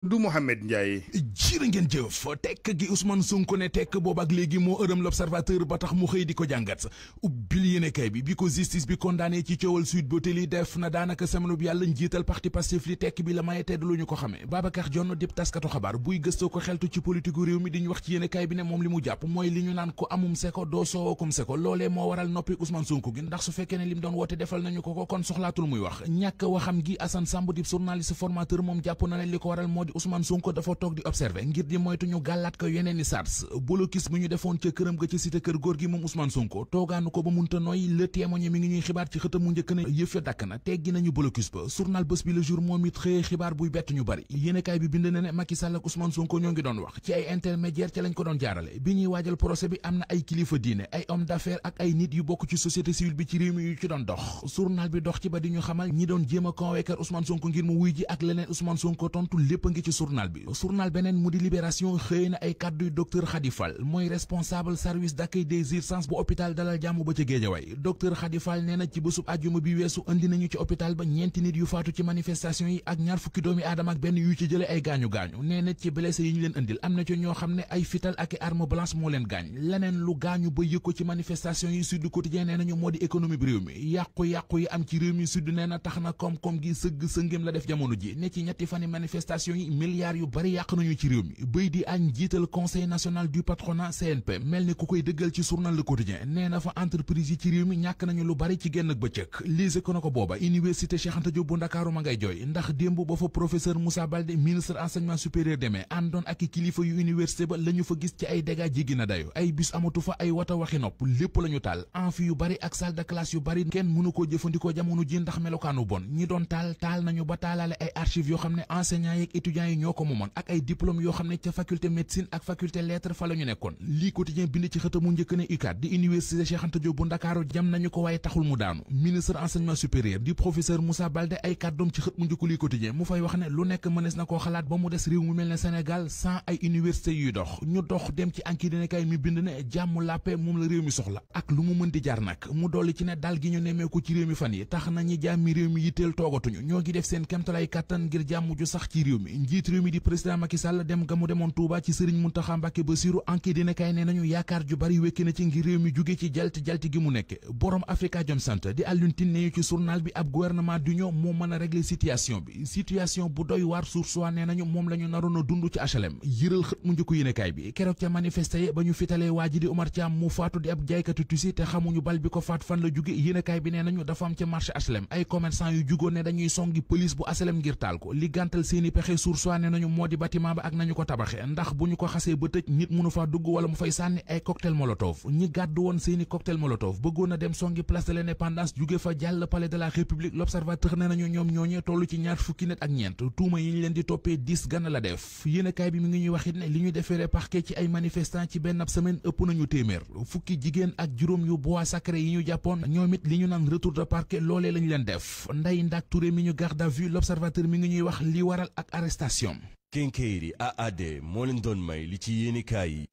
du Mohamed Ndiaye. jërë ngeen jëf tekk gi Ousmane Sonko ne tekk boobu ak léegi moo ërëm l'observateur ba tax mu xëy di ko jàngat ubbil yéenekaay bi bi ko justice bi condamné ci coowal Sweet Beauté li def na daanaka semaine yàlla njiital parti Pastef li tekk bi la maye tedd lu ñu ko xamee Babacar Dione dib taskatu xabaar buy gëstoo ko xeltu ci politique réew mi diñu wax ci yéenekaay bi ne moom li mu jàpp mooy li ñu naan ko amum seko doo soowokum seko loolee di Ousmane Sonko dafa toog di observer ngir di moytu ñu gàllaat ko yeneen i sars bolokis bi ñu defoon ca këram ga ca cité góor gi moom Ousmane Sonko toogaanu ko ba munta nooy le témoigné mi ngi ñuy xibaar ci xëtam mu njëkk na yëf ya dakk na teggi nañu bolokis ba journal bés bi le jour moom it xëyee xibaar buy bett ñu bari yéenekaay bi bind na ne Macky Sall ak Ousmane Sonko ñoo ngi doon wax ci ay intermédiaire ca lañ ko doon jaarale bi ñuy waajal procès ngi ci journal bi journal beneen mu di libération xëy na ay kàdduy docteur Khady Fall mooy responsable service d'accueil des urgences bu hôpital dalal jàmm ba ca Géejawaay docteur Khady Fall ci bésub àjjuma bi weesu indi nañu ci hôpital ba ñeenti nit yu faatu ci manifestation yi ak ñaar fukki doomi aadama ak benn yu ci jële ay gaañu gaañu nee ci blessé yi ñu leen indil am na ci ñoo xam ne ay fital ak arme blanche moo leen gaañ leneen lu gaañu ba yëg yi Sud Quotidien moo di économie bi réew mi yàqu gi sëgg sëngéem la def jamono ji ne ci ñetti yi ni yu bari yàq ci réew mi bëy di añ jiital conseil national du patronat CNP mel ni ku koy dëggal ci journal Le Quotidien nee fa entreprise yi ci réew mi ñàkk nañu lu bari ci genn ak bëccëg liise ko na ko booba université Cheikh Anta Diop ma ngay jooy ndax démb ba fa professeur Moussa Baldé ministre enseignement supérieur demee àndoon ak kilifa yu université ba la ñu fa gis ci ay dégâts jéggi na dayo ay bis amatu fa ay wata waxi nopp étudiants yi ñoo ko moomoon ak ay diplôme yoo xam ne ca faculté médecine ak faculté lettres fa la nekkoon lii quotidien bind ci xëtamu njëkk ne UCAD di université Cheikh bu Ndakaaru jam nañu ko waaye taxul mu daanu ministre enseignement supérieur di professeur Moussa Baldé ay kàddoom ci xët mu njëkk lii quotidien mu fay wax ne lu nekk mënees na koo xalaat ba mu des réew mu mel ne Sénégal sans ay université yuy dox ñu dox dem ci anki mi bind ne njiit réew mi di président Macky Sall dem ga mu demoon Touba ci sëriñ Muntaxa Mbàkke Basiru enquête dina kay ne nañu yaakaar ju bari wékki na ci ngir réew mi jóge ci jalti jalti gi mu nekk borom Afrikajom Center di Alioune Tine neñu ci journal bi ab gouvernement d'union moo mën a régler situation bi situation bu doy waar suur nee nañu moom la ñu naroon dund ci HLM yëral xët mu njëkku yéenekaay bi keroog ca manifesté yi ba ñu fitalee waa ji sursoit nañu moo di bâtiment ba ak nañu ko tabaxe ndax bu ñu ko xasee ba tëj nit mënu faa dugg wala mu fay sànni ay cocktail molotov ñi gàddu woon seeni cocktail molotov bëggoon a dem songi place de l'indépendance jóge fa jàll palais de la république l'observateur ne nañu ñoom ñooñee toll ci ñaar fukki nit ak ñeent tuuma yi ñu leen di toppee dix gann la def yéenekaay bi mi ngi ñuy waxit ne li ñu defeere parquet ci ay manifestant ci benn ab semaine ëpp nañu téeméer fukki jigéen ak juróom yu bois sacré ñu jàppoon ñoom it li ñu naan retour de parquet loolee lañu leen def nday ndak Touré mi ñu mi ngi ñuy wax li waral ak Station. Kenkayri AAD moo leen doon may li ci yéenekaay yi